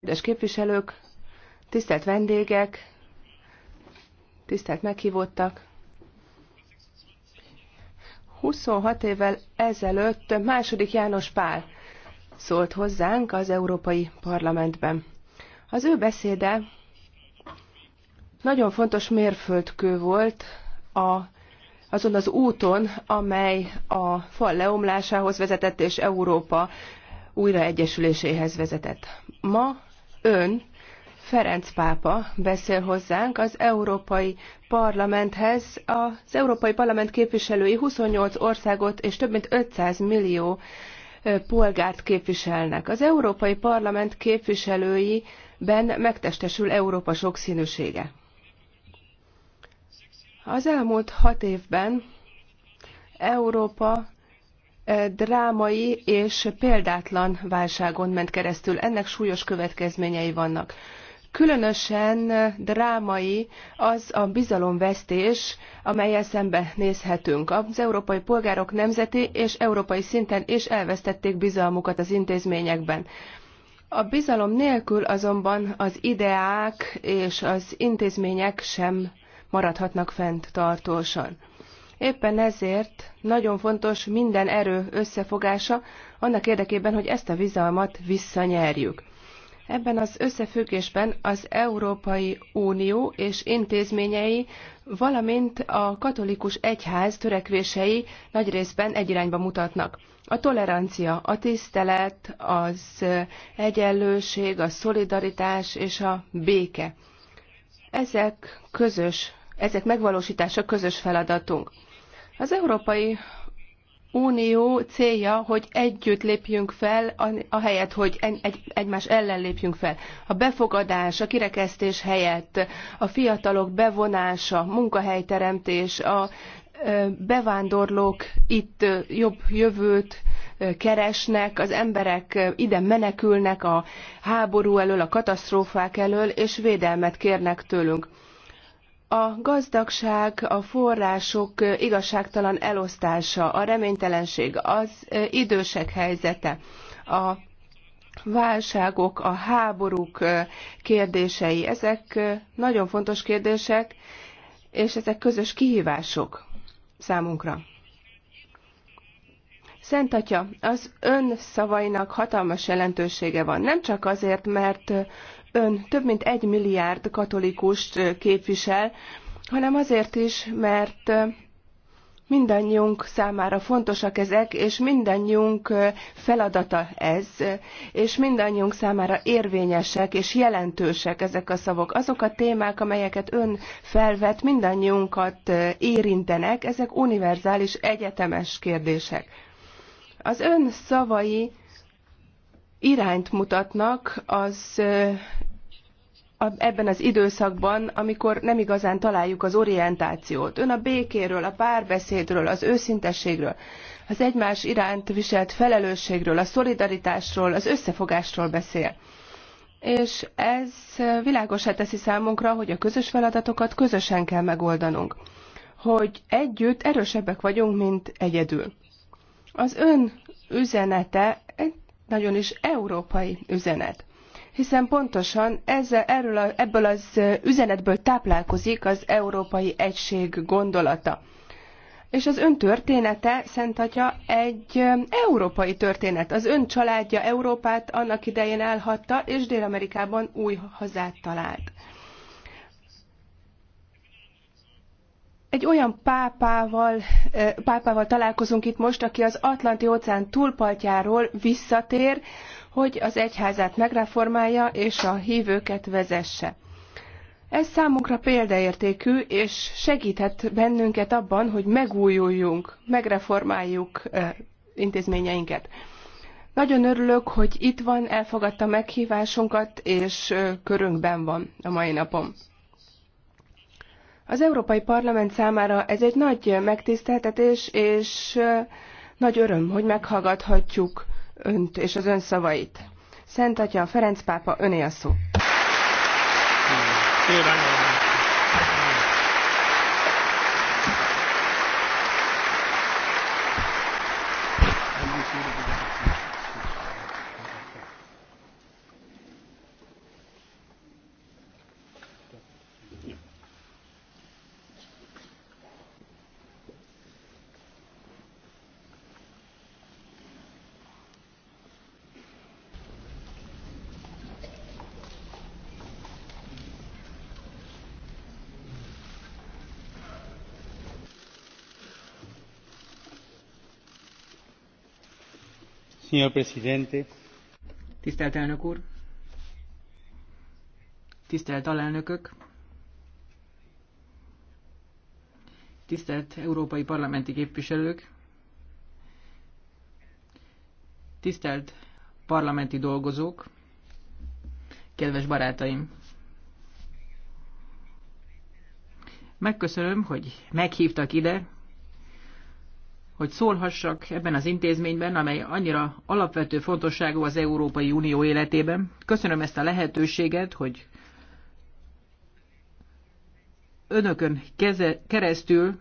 Kedves képviselők, tisztelt vendégek, tisztelt meghívottak! 26 évvel ezelőtt második János Pál szólt hozzánk az Európai Parlamentben. Az ő beszéde nagyon fontos mérföldkő volt a azon az úton, amely a fal leomlásához vezetett és Európa újraegyesüléséhez vezetett. Ma ön, Ferenc pápa beszél hozzánk az Európai Parlamenthez. Az Európai Parlament képviselői 28 országot és több mint 500 millió polgárt képviselnek. Az Európai Parlament képviselőiben megtestesül Európa sokszínűsége. Az elmúlt hat évben Európa drámai és példátlan válságon ment keresztül. Ennek súlyos következményei vannak. Különösen drámai az a bizalomvesztés, amelyel szembe nézhetünk. Az európai polgárok nemzeti és európai szinten is elvesztették bizalmukat az intézményekben. A bizalom nélkül azonban az ideák és az intézmények sem maradhatnak fent tartósan. Éppen ezért nagyon fontos minden erő összefogása annak érdekében, hogy ezt a bizalmat visszanyerjük. Ebben az összefüggésben az Európai Unió és intézményei, valamint a katolikus egyház törekvései nagy részben egy irányba mutatnak. A tolerancia, a tisztelet, az egyenlőség, a szolidaritás és a béke. Ezek közös, ezek megvalósítása közös feladatunk. Az Európai Unió célja, hogy együtt lépjünk fel, ahelyett, hogy egy, egymás ellen lépjünk fel. A befogadás, a kirekesztés helyett, a fiatalok bevonása, munkahelyteremtés, a bevándorlók itt jobb jövőt keresnek, az emberek ide menekülnek a háború elől, a katasztrófák elől, és védelmet kérnek tőlünk a gazdagság, a források igazságtalan elosztása, a reménytelenség, az idősek helyzete, a válságok, a háborúk kérdései, ezek nagyon fontos kérdések, és ezek közös kihívások számunkra. Szent Atya, az ön szavainak hatalmas jelentősége van, nem csak azért, mert ön több mint egy milliárd katolikust képvisel, hanem azért is, mert mindannyiunk számára fontosak ezek, és mindannyiunk feladata ez, és mindannyiunk számára érvényesek és jelentősek ezek a szavak. Azok a témák, amelyeket ön felvet, mindannyiunkat érintenek, ezek univerzális egyetemes kérdések. Az ön szavai irányt mutatnak az ebben az időszakban, amikor nem igazán találjuk az orientációt. Ön a békéről, a párbeszédről, az őszintességről, az egymás iránt viselt felelősségről, a szolidaritásról, az összefogásról beszél. És ez világosá teszi számunkra, hogy a közös feladatokat közösen kell megoldanunk. Hogy együtt erősebbek vagyunk, mint egyedül. Az ön üzenete egy nagyon is európai üzenet hiszen pontosan erről a, ebből az üzenetből táplálkozik az európai egység gondolata. És az ön története, Szent Atya, egy európai történet. Az ön családja Európát annak idején elhatta, és Dél-Amerikában új hazát talált. egy olyan pápával, pápával találkozunk itt most, aki az Atlanti óceán túlpartjáról visszatér, hogy az egyházát megreformálja és a hívőket vezesse. Ez számunkra példaértékű, és segíthet bennünket abban, hogy megújuljunk, megreformáljuk intézményeinket. Nagyon örülök, hogy itt van, elfogadta meghívásunkat, és körünkben van a mai napon. Az Európai Parlament számára ez egy nagy megtiszteltetés, és nagy öröm, hogy meghallgathatjuk önt és az ön szavait. Szent Atya, Ferenc pápa, öné a szó. Köszönöm. Tisztelt elnök úr! Tisztelt alelnökök! Tisztelt európai parlamenti képviselők! Tisztelt parlamenti dolgozók! Kedves barátaim! Megköszönöm, hogy meghívtak ide, hogy szólhassak ebben az intézményben, amely annyira alapvető fontosságú az Európai Unió életében. Köszönöm ezt a lehetőséget, hogy önökön keze, keresztül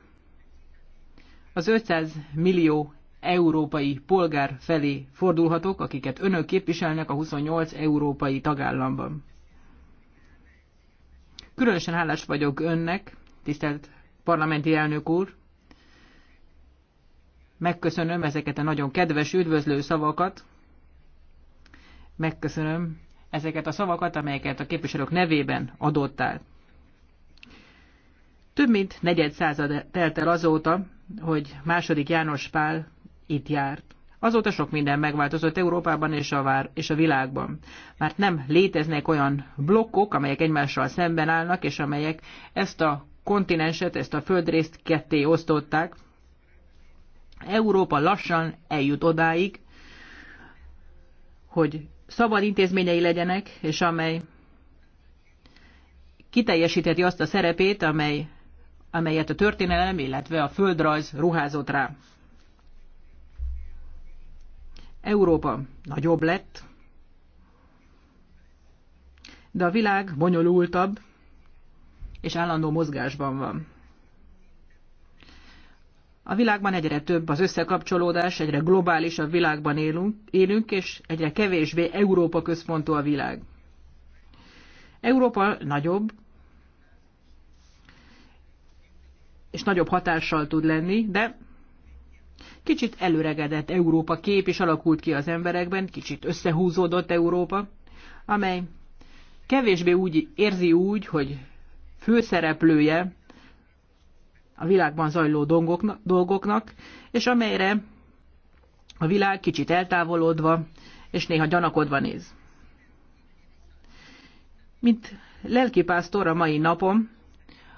az 500 millió európai polgár felé fordulhatok, akiket önök képviselnek a 28 európai tagállamban. Különösen hálás vagyok önnek, tisztelt parlamenti elnök úr, Megköszönöm ezeket a nagyon kedves, üdvözlő szavakat. Megköszönöm ezeket a szavakat, amelyeket a képviselők nevében adottál. Több mint negyed század telt el azóta, hogy második János Pál itt járt. Azóta sok minden megváltozott Európában és a, vár, és a világban. mert nem léteznek olyan blokkok, amelyek egymással szemben állnak, és amelyek ezt a kontinenset, ezt a földrészt ketté osztották. Európa lassan eljut odáig, hogy szabad intézményei legyenek, és amely kiteljesítheti azt a szerepét, amely, amelyet a történelem, illetve a földrajz ruházott rá. Európa nagyobb lett, de a világ bonyolultabb, és állandó mozgásban van. A világban egyre több az összekapcsolódás, egyre globálisabb világban élünk, élünk, és egyre kevésbé Európa központú a világ. Európa nagyobb, és nagyobb hatással tud lenni, de kicsit előregedett Európa kép is alakult ki az emberekben, kicsit összehúzódott Európa, amely kevésbé úgy érzi úgy, hogy főszereplője a világban zajló dolgoknak, és amelyre a világ kicsit eltávolodva és néha gyanakodva néz. Mint lelkipásztor a mai napom,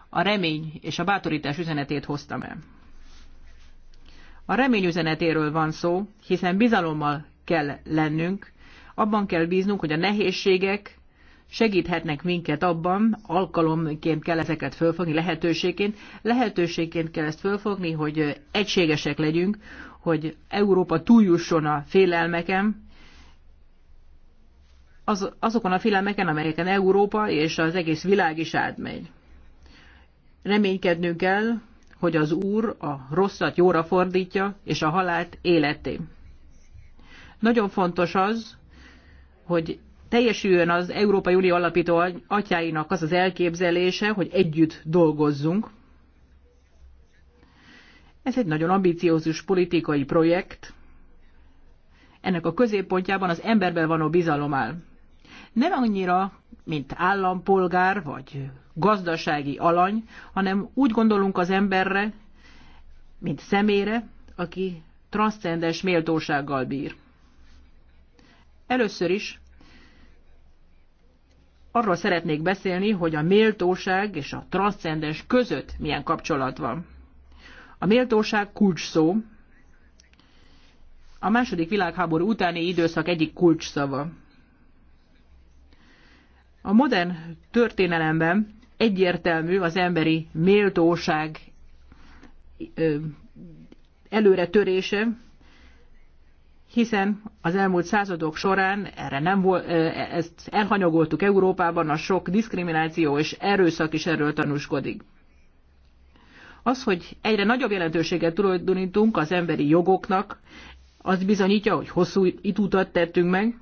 a remény és a bátorítás üzenetét hoztam el. A remény üzenetéről van szó, hiszen bizalommal kell lennünk, abban kell bíznunk, hogy a nehézségek segíthetnek minket abban, alkalomként kell ezeket fölfogni, lehetőségként, lehetőségként kell ezt fölfogni, hogy egységesek legyünk, hogy Európa túljusson a félelmeken, az, azokon a félelmeken, amelyeken Európa és az egész világ is átmegy. Reménykednünk kell, hogy az Úr a rosszat jóra fordítja, és a halált életé. Nagyon fontos az, hogy teljesüljön az Európai Unió alapító atyáinak az az elképzelése, hogy együtt dolgozzunk. Ez egy nagyon ambiciózus politikai projekt. Ennek a középpontjában az emberben való bizalom áll. Nem annyira, mint állampolgár vagy gazdasági alany, hanem úgy gondolunk az emberre, mint szemére, aki transzcendens méltósággal bír. Először is arról szeretnék beszélni, hogy a méltóság és a transzcendens között milyen kapcsolat van. A méltóság kulcs szó, a második világháború utáni időszak egyik kulcs szava. A modern történelemben egyértelmű az emberi méltóság előretörése, hiszen az elmúlt századok során erre nem volt, e, ezt elhanyagoltuk Európában, a sok diszkrimináció és erőszak is erről tanúskodik. Az, hogy egyre nagyobb jelentőséget tulajdonítunk az emberi jogoknak, az bizonyítja, hogy hosszú itutat tettünk meg,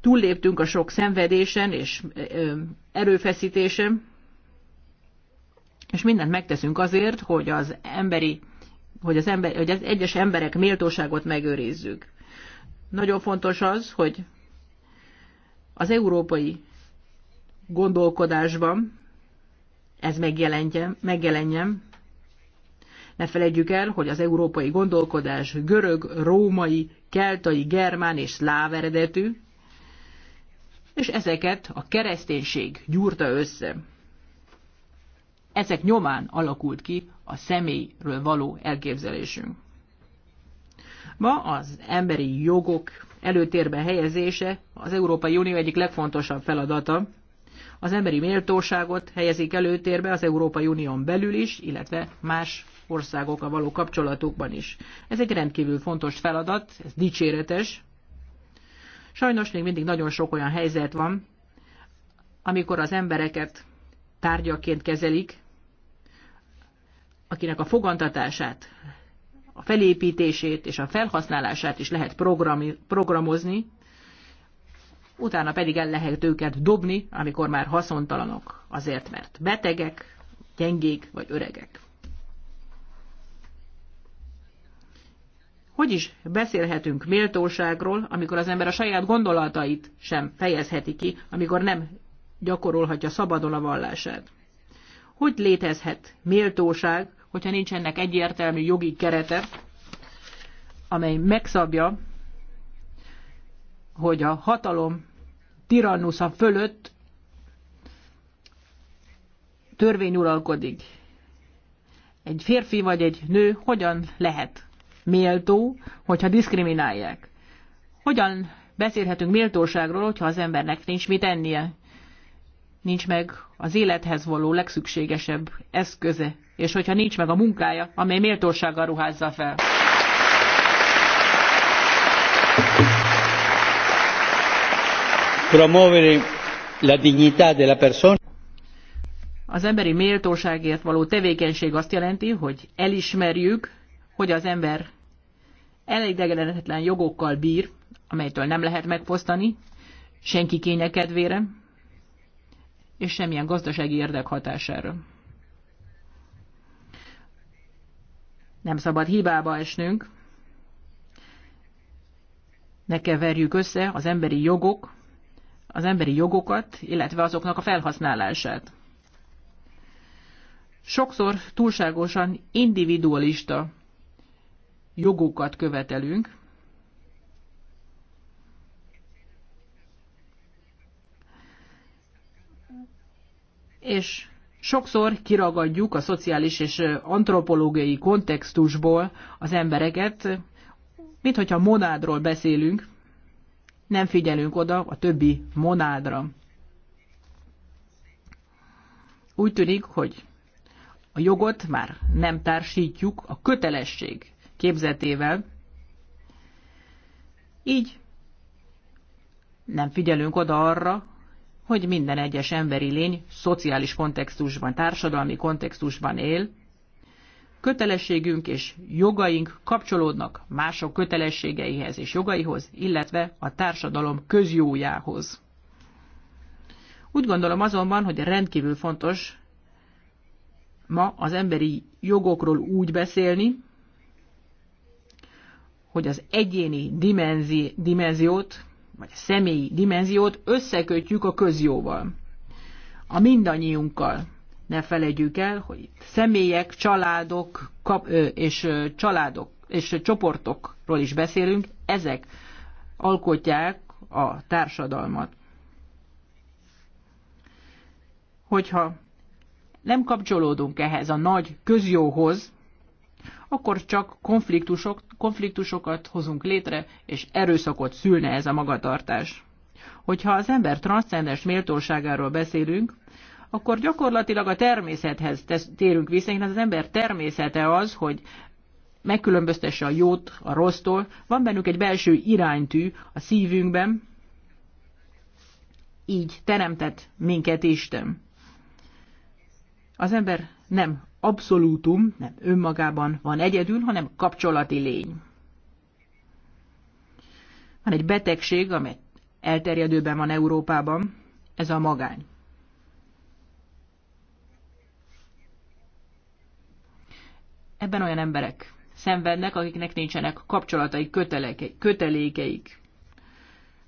túlléptünk a sok szenvedésen és erőfeszítésen, és mindent megteszünk azért, hogy az emberi hogy az, ember, hogy az egyes emberek méltóságot megőrizzük. Nagyon fontos az, hogy az európai gondolkodásban ez megjelenjen, megjelenjen. Ne felejtjük el, hogy az európai gondolkodás görög, római, keltai, germán és szláv eredetű, és ezeket a kereszténység gyúrta össze ezek nyomán alakult ki a személyről való elképzelésünk. Ma az emberi jogok előtérbe helyezése az Európai Unió egyik legfontosabb feladata. Az emberi méltóságot helyezik előtérbe az Európai Unión belül is, illetve más országokkal való kapcsolatukban is. Ez egy rendkívül fontos feladat, ez dicséretes. Sajnos még mindig nagyon sok olyan helyzet van, amikor az embereket tárgyaként kezelik, akinek a fogantatását, a felépítését és a felhasználását is lehet programozni, utána pedig el lehet őket dobni, amikor már haszontalanok, azért mert betegek, gyengék vagy öregek. Hogy is beszélhetünk méltóságról, amikor az ember a saját gondolatait sem fejezheti ki, amikor nem gyakorolhatja szabadon a vallását? Hogy létezhet méltóság, hogyha ennek egyértelmű jogi kerete, amely megszabja, hogy a hatalom tirannusza fölött törvény uralkodik. Egy férfi vagy egy nő hogyan lehet méltó, hogyha diszkriminálják? Hogyan beszélhetünk méltóságról, hogyha az embernek nincs mit ennie? Nincs meg az élethez való legszükségesebb eszköze és hogyha nincs meg a munkája, amely méltósággal ruházza fel. Promuovere la dignità della persona. Az emberi méltóságért való tevékenység azt jelenti, hogy elismerjük, hogy az ember elégdegelenhetetlen jogokkal bír, amelytől nem lehet megfosztani, senki kénye kedvére, és semmilyen gazdasági érdek hatására. Nem szabad hibába esnünk, ne keverjük össze az emberi jogok, az emberi jogokat, illetve azoknak a felhasználását. Sokszor túlságosan individualista jogokat követelünk, és sokszor kiragadjuk a szociális és antropológiai kontextusból az embereket, mint hogyha monádról beszélünk, nem figyelünk oda a többi monádra. Úgy tűnik, hogy a jogot már nem társítjuk a kötelesség képzetével, így nem figyelünk oda arra, hogy minden egyes emberi lény szociális kontextusban, társadalmi kontextusban él, kötelességünk és jogaink kapcsolódnak mások kötelességeihez és jogaihoz, illetve a társadalom közjójához. Úgy gondolom azonban, hogy rendkívül fontos ma az emberi jogokról úgy beszélni, hogy az egyéni dimenzi, dimenziót vagy a személyi dimenziót összekötjük a közjóval. A mindannyiunkkal. Ne felejtjük el, hogy itt személyek, családok kap, ö, és ö, családok és csoportokról is beszélünk, ezek alkotják a társadalmat. Hogyha nem kapcsolódunk ehhez a nagy közjóhoz, akkor csak konfliktusok, konfliktusokat hozunk létre, és erőszakot szülne ez a magatartás. Hogyha az ember transzcendens méltóságáról beszélünk, akkor gyakorlatilag a természethez térünk vissza, hiszen az ember természete az, hogy megkülönböztesse a jót a rossztól, van bennük egy belső iránytű a szívünkben, így teremtett minket Isten. Az ember nem abszolútum, nem önmagában van egyedül, hanem kapcsolati lény. Van egy betegség, amely elterjedőben van Európában, ez a magány. Ebben olyan emberek szenvednek, akiknek nincsenek kapcsolatai, kötelékeik.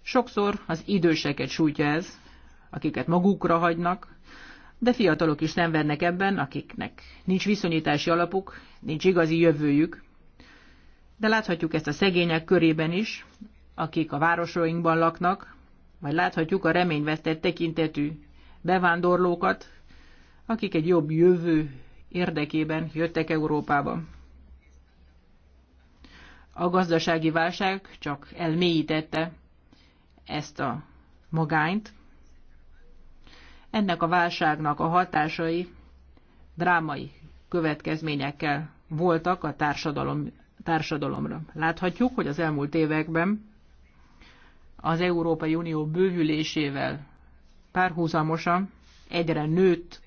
Sokszor az időseket sújtja ez, akiket magukra hagynak, de fiatalok is nem vernek ebben, akiknek nincs viszonyítási alapuk, nincs igazi jövőjük. De láthatjuk ezt a szegények körében is, akik a városainkban laknak, vagy láthatjuk a reményvesztett tekintetű bevándorlókat, akik egy jobb jövő érdekében jöttek Európába. A gazdasági válság csak elmélyítette ezt a magányt, ennek a válságnak a hatásai drámai következményekkel voltak a társadalom, társadalomra. Láthatjuk, hogy az elmúlt években az Európai Unió bővülésével párhuzamosan egyre nőtt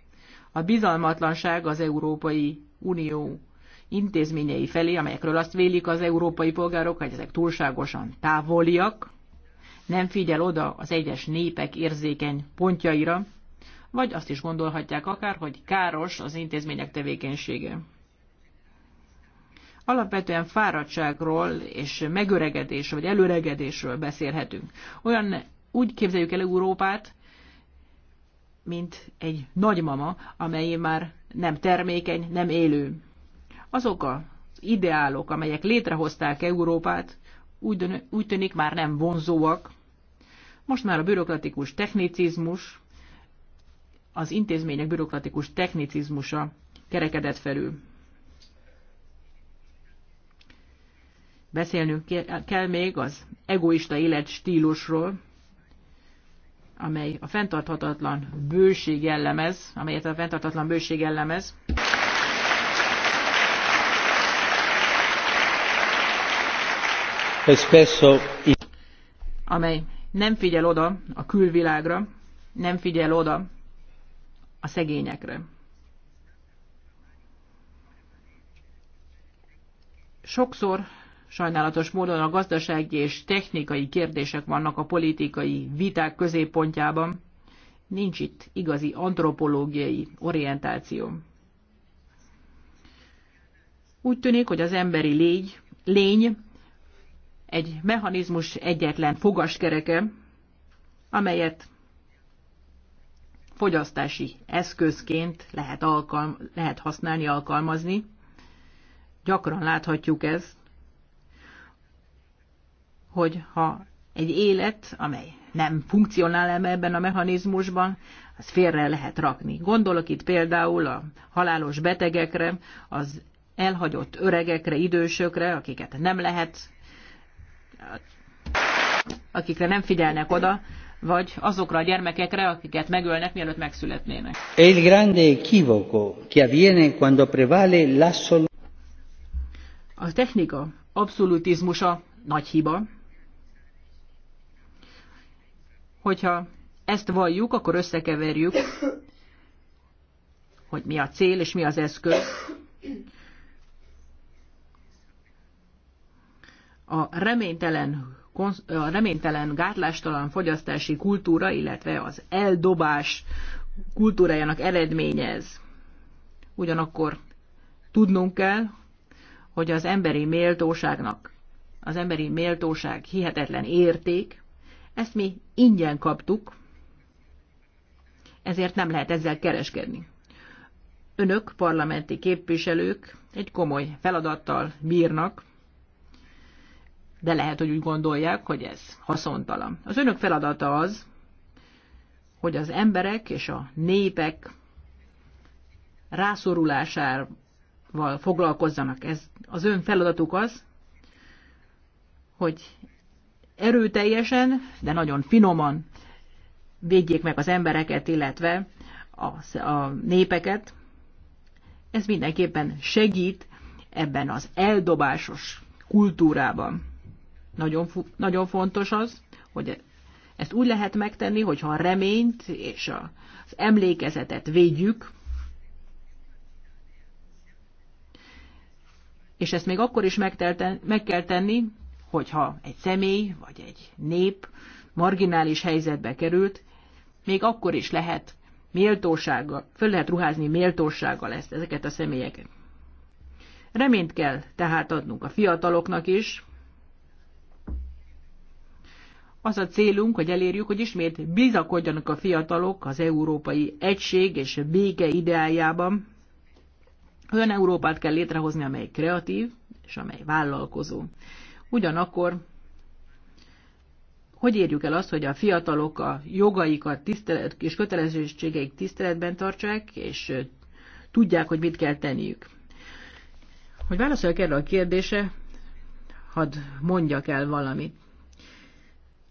a bizalmatlanság az Európai Unió intézményei felé, amelyekről azt vélik az európai polgárok, hogy ezek túlságosan távoliak, nem figyel oda az egyes népek érzékeny pontjaira, vagy azt is gondolhatják akár, hogy káros az intézmények tevékenysége. Alapvetően fáradtságról és megöregedésről, vagy előregedésről beszélhetünk. Olyan úgy képzeljük el Európát, mint egy nagymama, amely már nem termékeny, nem élő. Azok az ideálok, amelyek létrehozták Európát, úgy, úgy tűnik már nem vonzóak. Most már a bürokratikus technicizmus, az intézmények bürokratikus technicizmusa kerekedett felül. Beszélnünk kell még az egoista életstílusról, amely a fenntarthatatlan bőség jellemez, amelyet a fenntarthatatlan bőség jellemez. amely nem figyel oda a külvilágra, nem figyel oda a szegényekre. Sokszor sajnálatos módon a gazdasági és technikai kérdések vannak a politikai viták középpontjában. Nincs itt igazi antropológiai orientáció. Úgy tűnik, hogy az emberi légy, lény egy mechanizmus egyetlen fogaskereke, amelyet fogyasztási eszközként lehet, alkalm, lehet használni, alkalmazni. Gyakran láthatjuk ezt, hogy ha egy élet, amely nem funkcionál ebben a mechanizmusban, az félre lehet rakni. Gondolok itt például a halálos betegekre, az elhagyott öregekre, idősökre, akiket nem lehet, akikre nem figyelnek oda, vagy azokra a gyermekekre, akiket megölnek, mielőtt megszületnének. El grande equivoco que avviene cuando prevale la A technika abszolutizmusa nagy hiba. Hogyha ezt valljuk, akkor összekeverjük, hogy mi a cél és mi az eszköz. A reménytelen a reménytelen, gátlástalan fogyasztási kultúra, illetve az eldobás kultúrájának eredménye ez. Ugyanakkor tudnunk kell, hogy az emberi méltóságnak, az emberi méltóság hihetetlen érték, ezt mi ingyen kaptuk, ezért nem lehet ezzel kereskedni. Önök, parlamenti képviselők egy komoly feladattal bírnak, de lehet, hogy úgy gondolják, hogy ez haszontalan. Az önök feladata az, hogy az emberek és a népek rászorulásával foglalkozzanak. Ez az ön feladatuk az, hogy erőteljesen, de nagyon finoman védjék meg az embereket, illetve a, a népeket. Ez mindenképpen segít ebben az eldobásos kultúrában. Nagyon, nagyon fontos az, hogy ezt úgy lehet megtenni, hogyha a reményt és az emlékezetet védjük, és ezt még akkor is meg kell tenni, hogyha egy személy vagy egy nép marginális helyzetbe került, még akkor is lehet méltósággal, föl lehet ruházni méltósággal ezt, ezeket a személyeket. Reményt kell tehát adnunk a fiataloknak is, az a célunk, hogy elérjük, hogy ismét bizakodjanak a fiatalok az európai egység és béke ideájában. Olyan Európát kell létrehozni, amely kreatív és amely vállalkozó. Ugyanakkor hogy érjük el azt, hogy a fiatalok a jogaikat tisztelet, és kötelezettségeik tiszteletben tartsák, és tudják, hogy mit kell tenniük. Hogy válaszoljak erre a kérdése, hadd mondjak el valamit.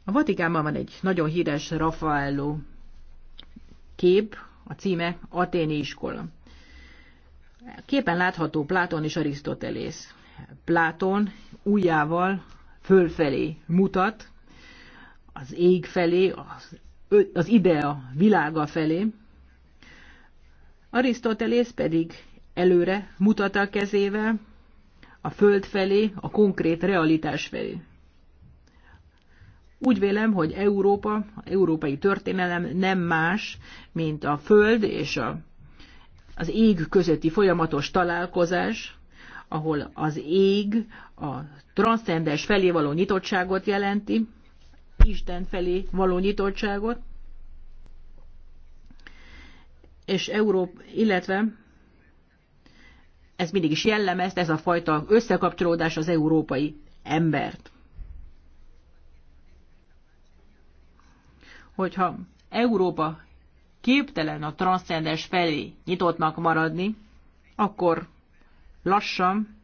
A Vatikánban van egy nagyon híres Raffaello kép, a címe Aténi iskola. Képen látható Pláton és Arisztotelész. Pláton ujjával fölfelé mutat, az ég felé, az, az idea világa felé. Arisztotelész pedig előre mutat a kezével, a föld felé, a konkrét realitás felé. Úgy vélem, hogy Európa, európai történelem nem más, mint a Föld és a, az ég közötti folyamatos találkozás, ahol az ég a transzcendens felé való nyitottságot jelenti, Isten felé való nyitottságot, és Európa, illetve ez mindig is jellemezte, ez a fajta összekapcsolódás az európai embert. hogyha Európa képtelen a transzcendens felé nyitottnak maradni, akkor lassan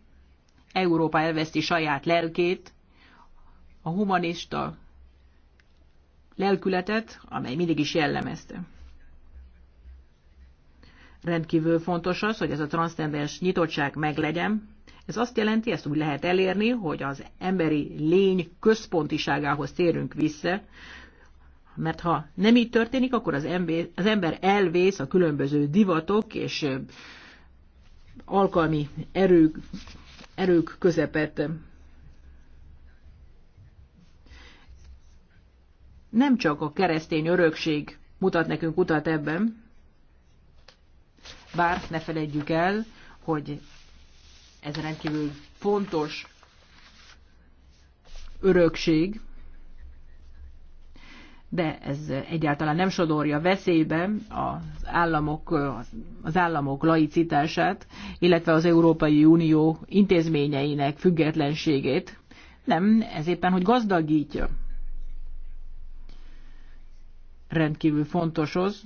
Európa elveszti saját lelkét, a humanista lelkületet, amely mindig is jellemezte. Rendkívül fontos az, hogy ez a transzcendens nyitottság meglegyen. Ez azt jelenti, ezt úgy lehet elérni, hogy az emberi lény központiságához térünk vissza, mert ha nem így történik, akkor az ember, az ember elvész a különböző divatok és alkalmi erők, erők közepette. Nem csak a keresztény örökség mutat nekünk utat ebben, bár ne felejtjük el, hogy ez rendkívül fontos örökség, de ez egyáltalán nem sodorja veszélybe az államok, az államok laicitását, illetve az Európai Unió intézményeinek függetlenségét. Nem, ez éppen, hogy gazdagítja. Rendkívül fontos az,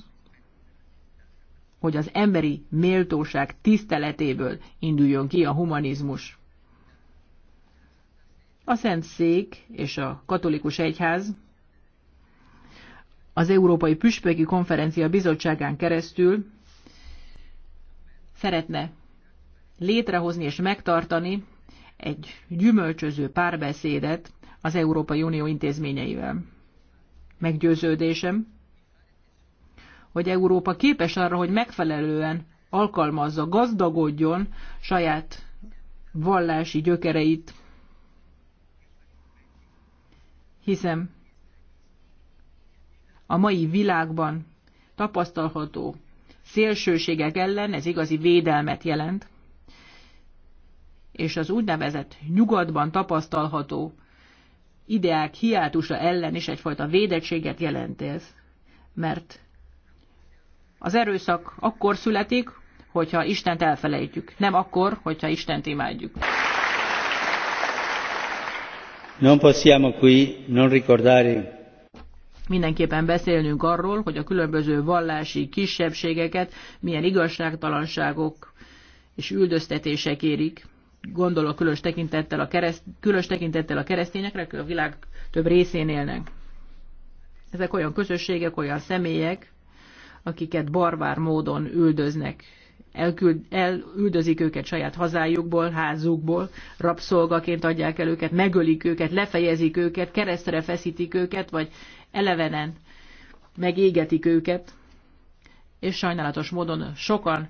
hogy az emberi méltóság tiszteletéből induljon ki a humanizmus. A Szent Szék és a Katolikus Egyház az Európai Püspöki Konferencia Bizottságán keresztül szeretne létrehozni és megtartani egy gyümölcsöző párbeszédet az Európai Unió intézményeivel. Meggyőződésem, hogy Európa képes arra, hogy megfelelően alkalmazza, gazdagodjon saját vallási gyökereit. Hiszem, a mai világban tapasztalható szélsőségek ellen ez igazi védelmet jelent, és az úgynevezett nyugatban tapasztalható ideák hiátusa ellen is egyfajta védettséget jelent ez, mert az erőszak akkor születik, hogyha Istent elfelejtjük, nem akkor, hogyha Istent imádjuk. Non possiamo qui non ricordare Mindenképpen beszélnünk arról, hogy a különböző vallási kisebbségeket milyen igazságtalanságok és üldöztetések érik. Gondolok különös tekintettel a, kereszt, különös tekintettel a keresztényekre, akik a világ több részén élnek. Ezek olyan közösségek, olyan személyek, akiket barbár módon üldöznek. Elküld, elüldözik őket saját hazájukból, házukból, rabszolgaként adják el őket, megölik őket, lefejezik őket, keresztre feszítik őket, vagy elevenen megégetik őket, és sajnálatos módon sokan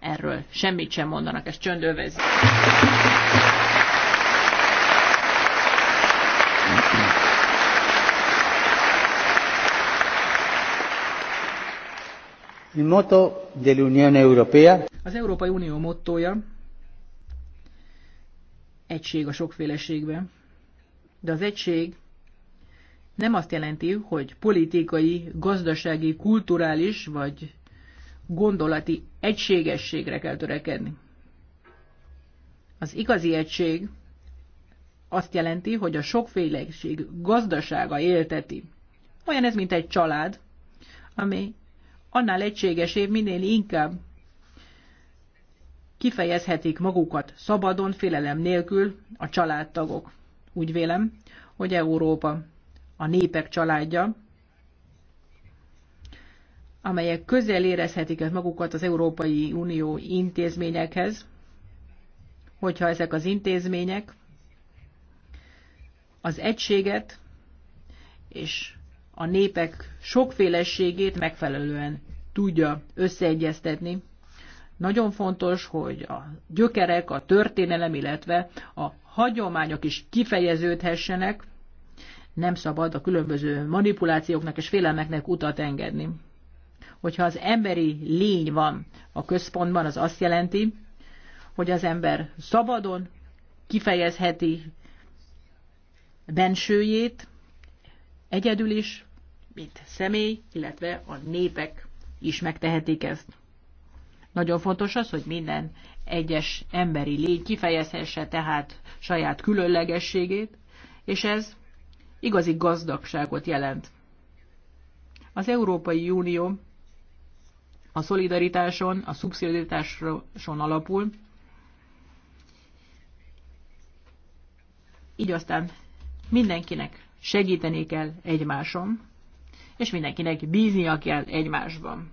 erről semmit sem mondanak, ez csöndövezi. Il motto dell'Unione Europea. Az Európai Unió mottoja egység a sokféleségben, de az egység nem azt jelenti, hogy politikai, gazdasági, kulturális vagy gondolati egységességre kell törekedni. Az igazi egység azt jelenti, hogy a sokféleség gazdasága élteti. Olyan ez, mint egy család, ami annál egységesebb, minél inkább kifejezhetik magukat szabadon, félelem nélkül a családtagok. Úgy vélem, hogy Európa a népek családja, amelyek közel érezhetik magukat az Európai Unió intézményekhez, hogyha ezek az intézmények az egységet és a népek sokféleségét megfelelően tudja összeegyeztetni. Nagyon fontos, hogy a gyökerek, a történelem, illetve a hagyományok is kifejeződhessenek, nem szabad a különböző manipulációknak és félelmeknek utat engedni. Hogyha az emberi lény van a központban, az azt jelenti, hogy az ember szabadon kifejezheti bensőjét, egyedül is, mint személy, illetve a népek is megtehetik ezt. Nagyon fontos az, hogy minden egyes emberi lény kifejezhesse tehát saját különlegességét, és ez igazi gazdagságot jelent. Az Európai Unió a szolidaritáson, a szubszidaritáson alapul, így aztán mindenkinek segíteni kell egymáson, és mindenkinek bíznia kell egymásban.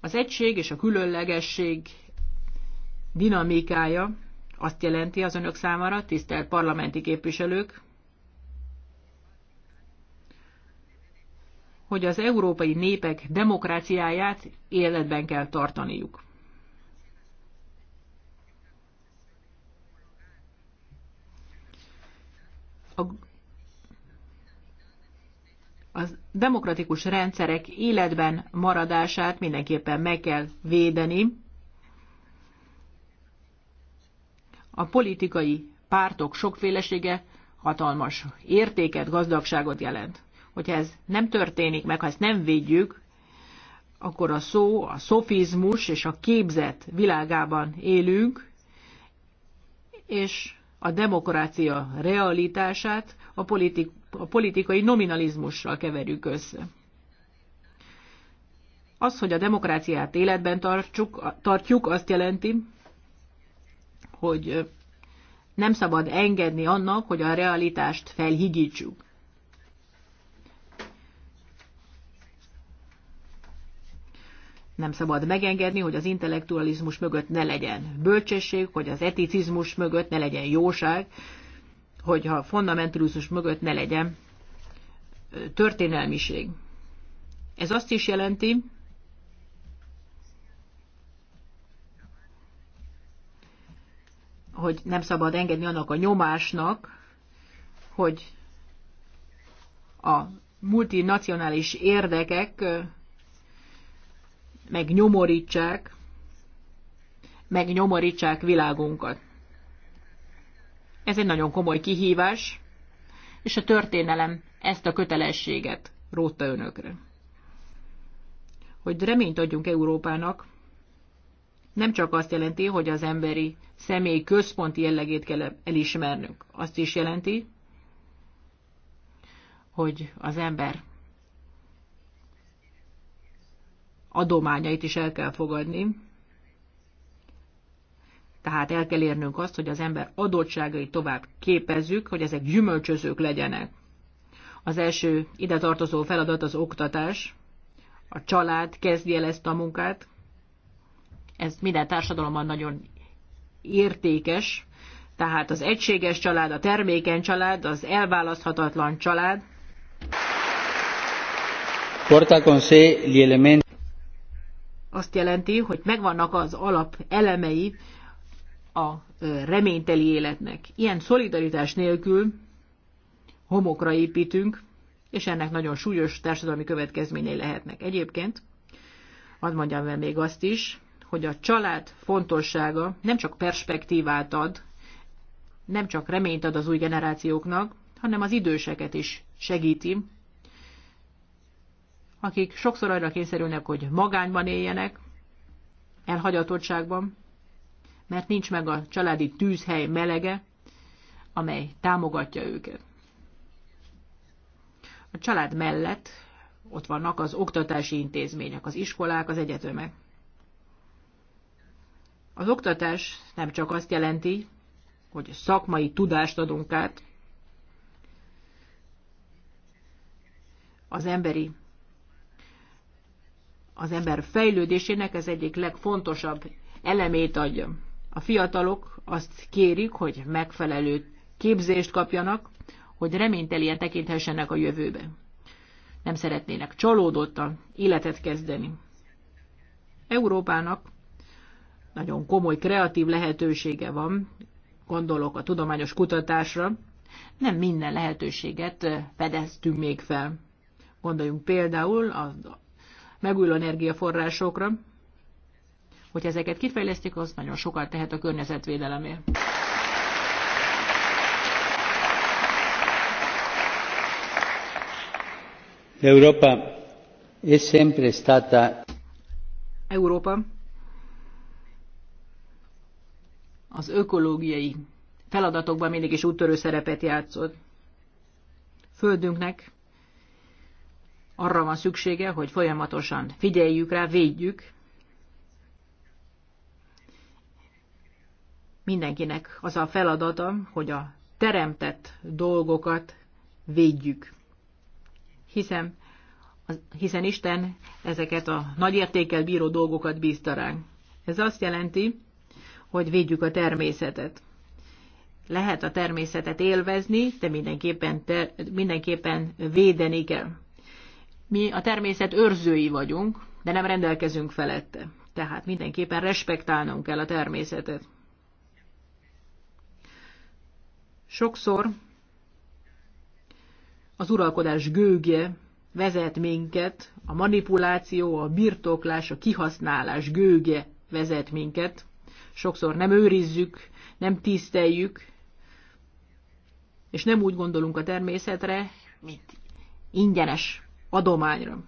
Az egység és a különlegesség dinamikája azt jelenti az önök számára, tisztelt parlamenti képviselők, hogy az európai népek demokráciáját életben kell tartaniuk. A, az demokratikus rendszerek életben maradását mindenképpen meg kell védeni. A politikai pártok sokfélesége hatalmas értéket, gazdagságot jelent. Hogyha ez nem történik meg, ha ezt nem védjük, akkor a szó, a szofizmus és a képzet világában élünk, és a demokrácia realitását a, politik, a politikai nominalizmussal keverjük össze. Az, hogy a demokráciát életben tartsuk, tartjuk, azt jelenti, hogy nem szabad engedni annak, hogy a realitást felhigítsuk. Nem szabad megengedni, hogy az intellektualizmus mögött ne legyen bölcsesség, hogy az eticizmus mögött ne legyen jóság, hogyha fundamentalizmus mögött ne legyen történelmiség. Ez azt is jelenti, hogy nem szabad engedni annak a nyomásnak, hogy a multinacionális érdekek megnyomorítsák, megnyomorítsák világunkat. Ez egy nagyon komoly kihívás, és a történelem ezt a kötelességet rótta önökre. Hogy reményt adjunk Európának, nem csak azt jelenti, hogy az emberi személy központi jellegét kell elismernünk. Azt is jelenti, hogy az ember adományait is el kell fogadni. Tehát el kell érnünk azt, hogy az ember adottságait tovább képezzük, hogy ezek gyümölcsözők legyenek. Az első ide tartozó feladat az oktatás. A család kezdi el ezt a munkát. Ez minden társadalomban nagyon értékes. Tehát az egységes család, a termékeny család, az elválaszthatatlan család. Porta con sé gli elementi azt jelenti, hogy megvannak az alap elemei a reményteli életnek. Ilyen szolidaritás nélkül homokra építünk, és ennek nagyon súlyos társadalmi következményei lehetnek. Egyébként, hadd mondjam el még azt is, hogy a család fontossága nem csak perspektívát ad, nem csak reményt ad az új generációknak, hanem az időseket is segíti, akik sokszor arra kényszerülnek, hogy magányban éljenek, elhagyatottságban, mert nincs meg a családi tűzhely melege, amely támogatja őket. A család mellett ott vannak az oktatási intézmények, az iskolák, az egyetemek. Az oktatás nem csak azt jelenti, hogy szakmai tudást adunk át, az emberi az ember fejlődésének ez egyik legfontosabb elemét adja. A fiatalok azt kérik, hogy megfelelő képzést kapjanak, hogy reménytelien tekinthessenek a jövőbe. Nem szeretnének csalódottan életet kezdeni. Európának nagyon komoly kreatív lehetősége van, gondolok a tudományos kutatásra, nem minden lehetőséget fedeztünk még fel. Gondoljunk például az megújuló energiaforrásokra, hogy ezeket kifejlesztik, az nagyon sokat tehet a környezetvédelemért. Európa è sempre stata Európa az ökológiai feladatokban mindig is úttörő szerepet játszott. Földünknek arra van szüksége, hogy folyamatosan figyeljük rá, védjük. Mindenkinek az a feladata, hogy a teremtett dolgokat védjük. Hiszen, hiszen Isten ezeket a nagy értékkel bíró dolgokat bízta ránk. Ez azt jelenti, hogy védjük a természetet. Lehet a természetet élvezni, de mindenképpen, ter, mindenképpen védeni kell. Mi a természet őrzői vagyunk, de nem rendelkezünk felette. Tehát mindenképpen respektálnunk kell a természetet. Sokszor az uralkodás gőgje vezet minket, a manipuláció, a birtoklás, a kihasználás gőgje vezet minket. Sokszor nem őrizzük, nem tiszteljük, és nem úgy gondolunk a természetre, mint ingyenes adományra.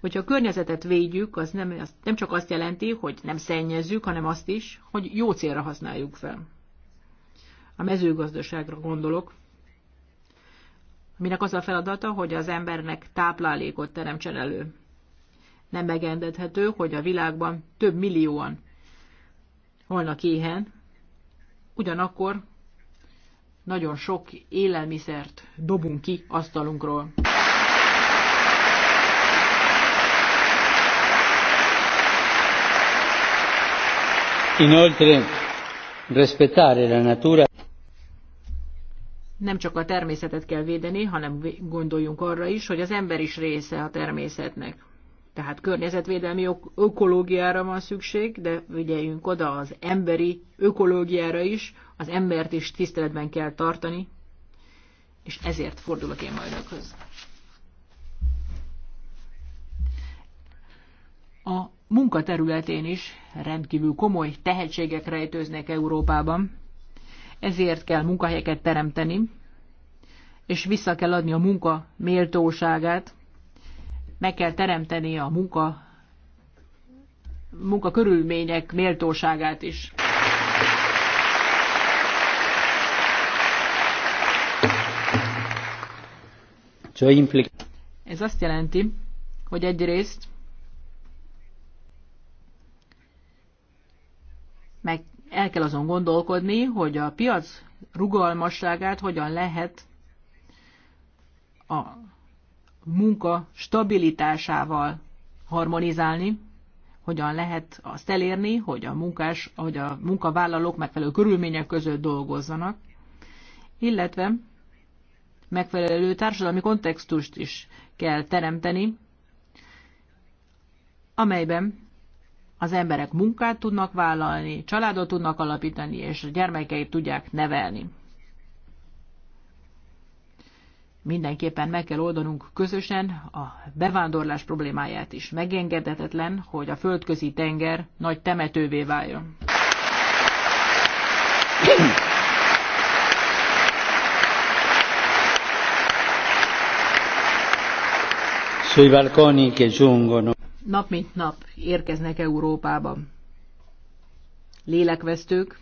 Hogyha a környezetet védjük, az nem, az nem csak azt jelenti, hogy nem szennyezzük, hanem azt is, hogy jó célra használjuk fel. A mezőgazdaságra gondolok, aminek az a feladata, hogy az embernek táplálékot teremtsen elő. Nem megengedhető, hogy a világban több millióan holnak éhen, ugyanakkor nagyon sok élelmiszert dobunk ki asztalunkról. Inoltre, rispettare la natura nem csak a természetet kell védeni, hanem gondoljunk arra is, hogy az ember is része a természetnek tehát környezetvédelmi ökológiára van szükség, de ügyeljünk oda az emberi ökológiára is, az embert is tiszteletben kell tartani, és ezért fordulok én majd önökhöz. A munkaterületén is rendkívül komoly tehetségek rejtőznek Európában, ezért kell munkahelyeket teremteni, és vissza kell adni a munka méltóságát, meg kell teremteni a munka, körülmények méltóságát is. Ez azt jelenti, hogy egyrészt meg el kell azon gondolkodni, hogy a piac rugalmasságát hogyan lehet a munka stabilitásával harmonizálni, hogyan lehet azt elérni, hogy a munkás, hogy a munkavállalók megfelelő körülmények között dolgozzanak, illetve megfelelő társadalmi kontextust is kell teremteni, amelyben az emberek munkát tudnak vállalni, családot tudnak alapítani, és a gyermekeit tudják nevelni mindenképpen meg kell oldanunk közösen a bevándorlás problémáját is. Megengedhetetlen, hogy a földközi tenger nagy temetővé váljon. Sui balconi che giungono. Nap mint nap érkeznek Európába. Lélekvesztők,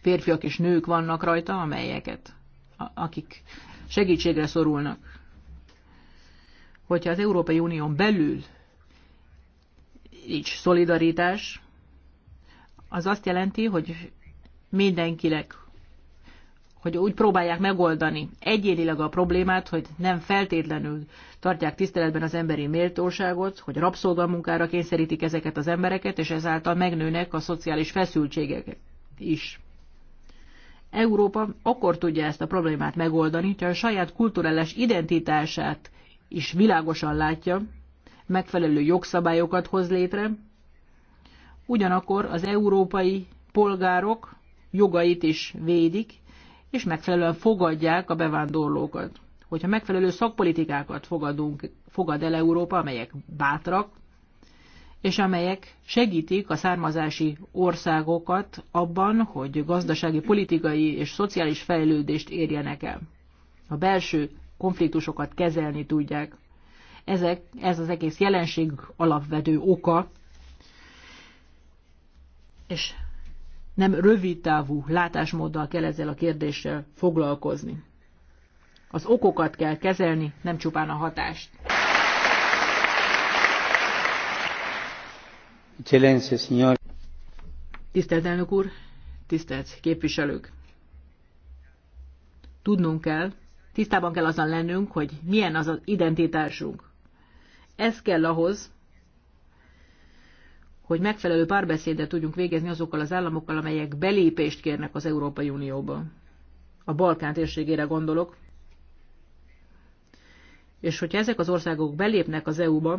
férfiak és nők vannak rajta, amelyeket akik segítségre szorulnak. Hogyha az Európai Unión belül így szolidaritás, az azt jelenti, hogy mindenkinek, hogy úgy próbálják megoldani egyénileg a problémát, hogy nem feltétlenül tartják tiszteletben az emberi méltóságot, hogy rabszolgamunkára kényszerítik ezeket az embereket, és ezáltal megnőnek a szociális feszültségek is. Európa akkor tudja ezt a problémát megoldani, ha a saját kulturális identitását is világosan látja, megfelelő jogszabályokat hoz létre, ugyanakkor az európai polgárok jogait is védik, és megfelelően fogadják a bevándorlókat. Hogyha megfelelő szakpolitikákat fogadunk, fogad el Európa, amelyek bátrak, és amelyek segítik a származási országokat abban, hogy gazdasági, politikai és szociális fejlődést érjenek el. A belső konfliktusokat kezelni tudják. Ezek, ez az egész jelenség alapvető oka, és nem rövidtávú látásmóddal kell ezzel a kérdéssel foglalkozni. Az okokat kell kezelni, nem csupán a hatást. Tisztelt elnök úr, tisztelt képviselők! Tudnunk kell, tisztában kell azon lennünk, hogy milyen az az identitásunk. Ez kell ahhoz, hogy megfelelő párbeszédet tudjunk végezni azokkal az államokkal, amelyek belépést kérnek az Európai Unióba. A Balkán térségére gondolok. És hogyha ezek az országok belépnek az EU-ba,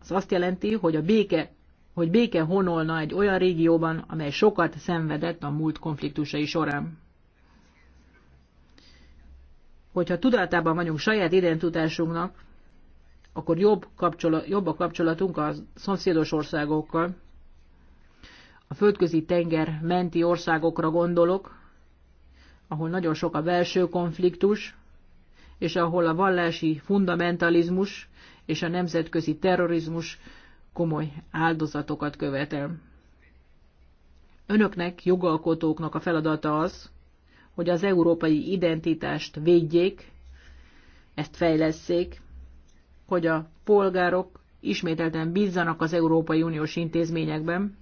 az azt jelenti, hogy a béke hogy béke honolna egy olyan régióban, amely sokat szenvedett a múlt konfliktusai során. Hogyha tudatában vagyunk saját identitásunknak, akkor jobb, kapcsolat, jobb a kapcsolatunk a szomszédos országokkal. A földközi tenger menti országokra gondolok, ahol nagyon sok a belső konfliktus, és ahol a vallási fundamentalizmus és a nemzetközi terrorizmus komoly áldozatokat követel. Önöknek, jogalkotóknak a feladata az, hogy az európai identitást védjék, ezt fejlesszék, hogy a polgárok ismételten bízzanak az Európai Uniós intézményekben,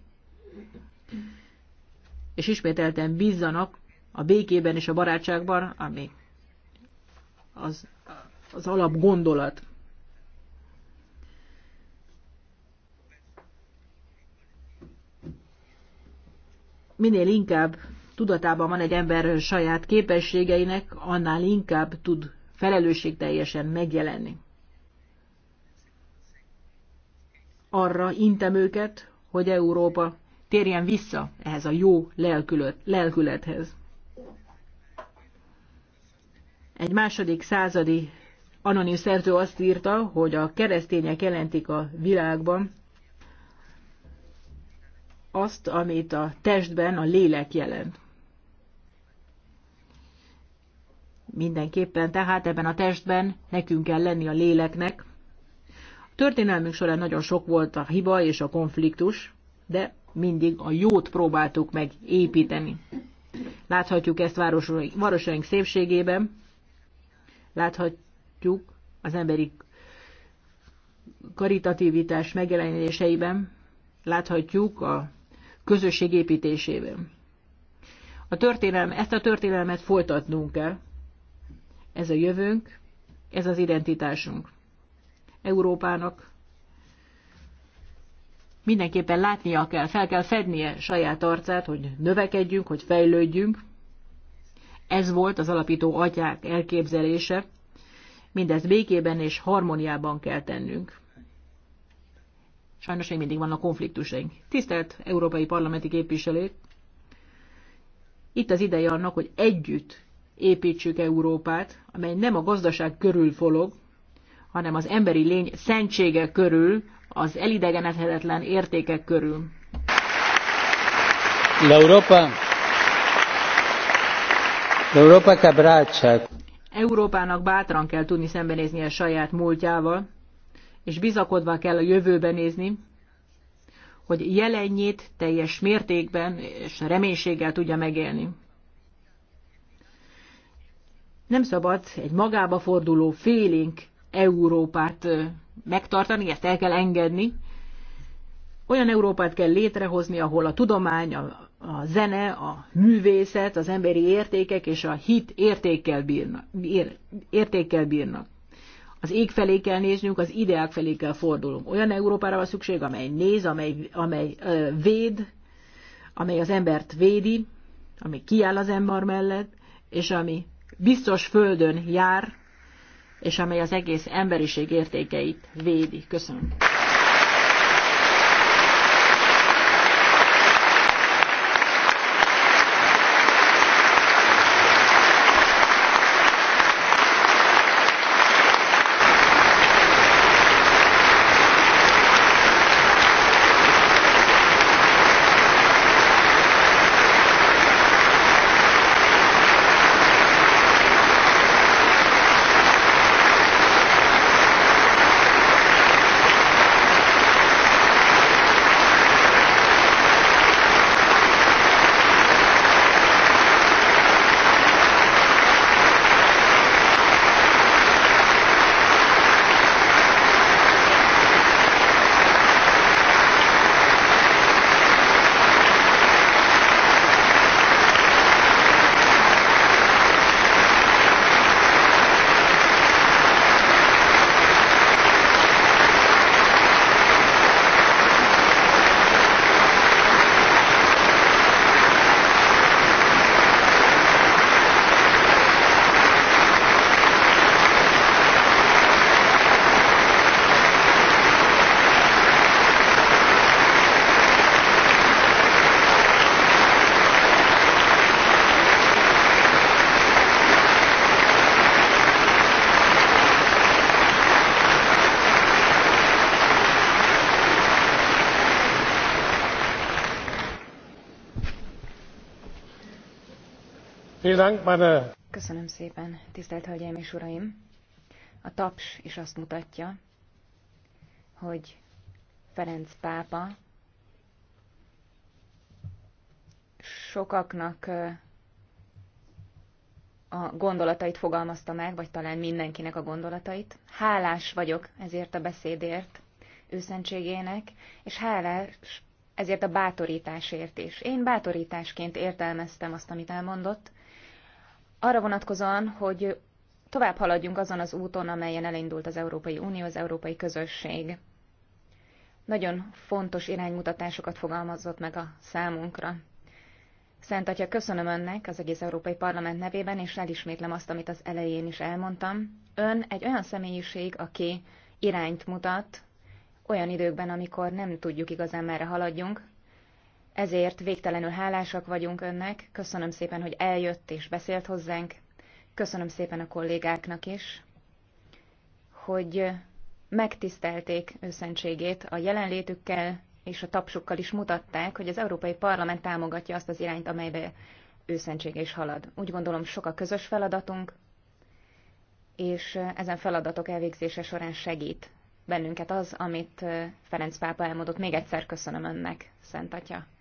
és ismételten bízzanak a békében és a barátságban, ami az, az alapgondolat. minél inkább tudatában van egy ember saját képességeinek, annál inkább tud felelősségteljesen megjelenni. Arra intem őket, hogy Európa térjen vissza ehhez a jó lelkület, lelkülethez. Egy második századi anonim szerző azt írta, hogy a keresztények jelentik a világban azt, amit a testben a lélek jelent. Mindenképpen tehát ebben a testben nekünk kell lenni a léleknek. A történelmünk során nagyon sok volt a hiba és a konfliktus, de mindig a jót próbáltuk meg építeni. Láthatjuk ezt városaink, városaink szépségében, láthatjuk az emberi karitativitás megjelenéseiben, láthatjuk a közösség építésében. A történelm, ezt a történelmet folytatnunk kell. Ez a jövőnk, ez az identitásunk. Európának mindenképpen látnia kell, fel kell fednie saját arcát, hogy növekedjünk, hogy fejlődjünk. Ez volt az alapító atyák elképzelése. Mindezt békében és harmóniában kell tennünk. Sajnos még mindig vannak konfliktusaink. Tisztelt európai parlamenti képviselők, itt az ideje annak, hogy együtt építsük Európát, amely nem a gazdaság körül folog, hanem az emberi lény szentsége körül, az elidegenedhetetlen értékek körül. L'Europa, L'Europa Európának bátran kell tudni a saját múltjával, és bizakodva kell a jövőbe nézni, hogy jelenjét teljes mértékben és reménységgel tudja megélni. Nem szabad egy magába forduló félénk Európát megtartani, ezt el kell engedni. Olyan Európát kell létrehozni, ahol a tudomány, a, a zene, a művészet, az emberi értékek és a hit értékkel bírnak. Ér, értékkel bírnak az ég felé kell néznünk, az ideák felé kell fordulunk. Olyan Európára van szükség, amely néz, amely, amely ö, véd, amely az embert védi, ami kiáll az ember mellett, és ami biztos földön jár, és amely az egész emberiség értékeit védi. Köszönöm. Köszönöm szépen, tisztelt Hölgyeim és Uraim! A taps is azt mutatja, hogy Ferenc pápa sokaknak a gondolatait fogalmazta meg, vagy talán mindenkinek a gondolatait. Hálás vagyok ezért a beszédért, őszentségének, és hálás ezért a bátorításért is. Én bátorításként értelmeztem azt, amit elmondott, arra vonatkozóan, hogy tovább haladjunk azon az úton, amelyen elindult az Európai Unió, az Európai Közösség. Nagyon fontos iránymutatásokat fogalmazott meg a számunkra. Szent Atya, köszönöm önnek az egész Európai Parlament nevében, és elismétlem azt, amit az elején is elmondtam. Ön egy olyan személyiség, aki irányt mutat, olyan időkben, amikor nem tudjuk igazán merre haladjunk, ezért végtelenül hálásak vagyunk önnek, köszönöm szépen, hogy eljött és beszélt hozzánk, köszönöm szépen a kollégáknak is, hogy megtisztelték őszentségét a jelenlétükkel és a tapsukkal is mutatták, hogy az Európai Parlament támogatja azt az irányt, amelybe őszentsége is halad. Úgy gondolom, sok a közös feladatunk, és ezen feladatok elvégzése során segít bennünket az, amit Ferenc pápa elmondott. Még egyszer köszönöm önnek, Szent Atya.